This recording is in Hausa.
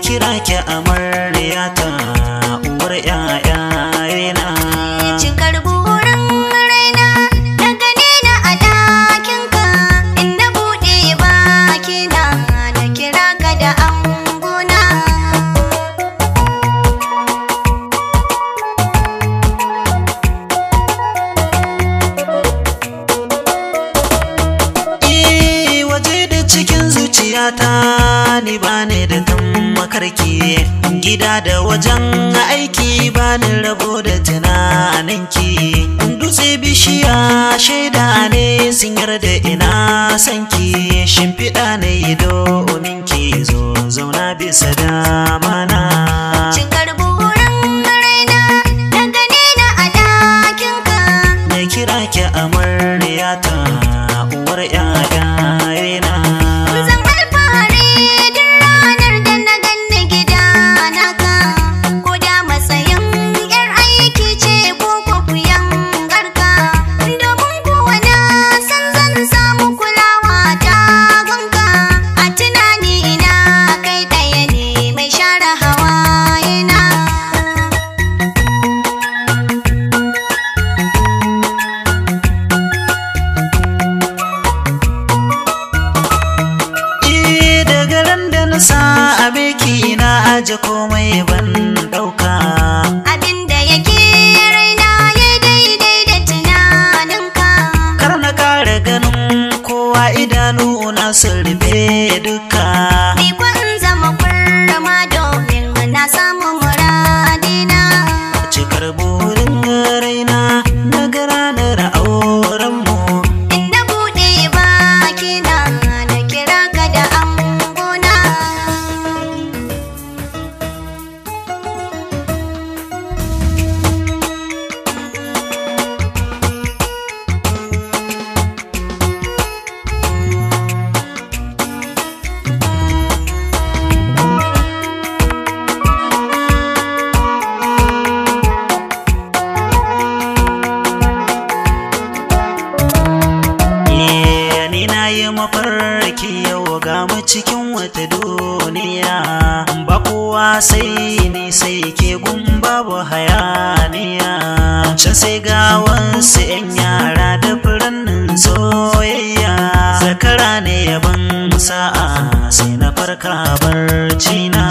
kira ki amaryata uwar yaya yana cin karbu gurin raina daga ne na adakin ka in na bude baki na na kira ka da anguna waje da cikin zuciyata ni bane da ka karki gida da wajen aiki bani rabo da tunaninki dutse bishiya shaida ne sun yarda ina sanki shimfiɗa ne ido domin ki zo zauna bisa damana kira ki amaryata uwar 'ya'ya na sa a biki na aje komai ban ɗauka. abinda cikin wata duniya ba kowa sai ni sai ke babu hayaniya can sai ga yan yara da furannin soyayya zakara ne yaban sa'a sai na farka barci na